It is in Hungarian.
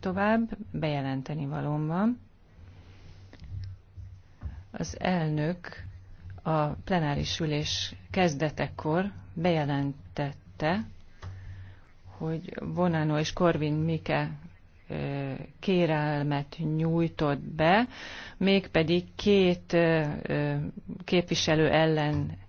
Tovább bejelenteni valóban az elnök a plenáris ülés kezdetekor bejelentette, hogy Bonano és Korvin Mike kérelmet nyújtott be, mégpedig két képviselő ellen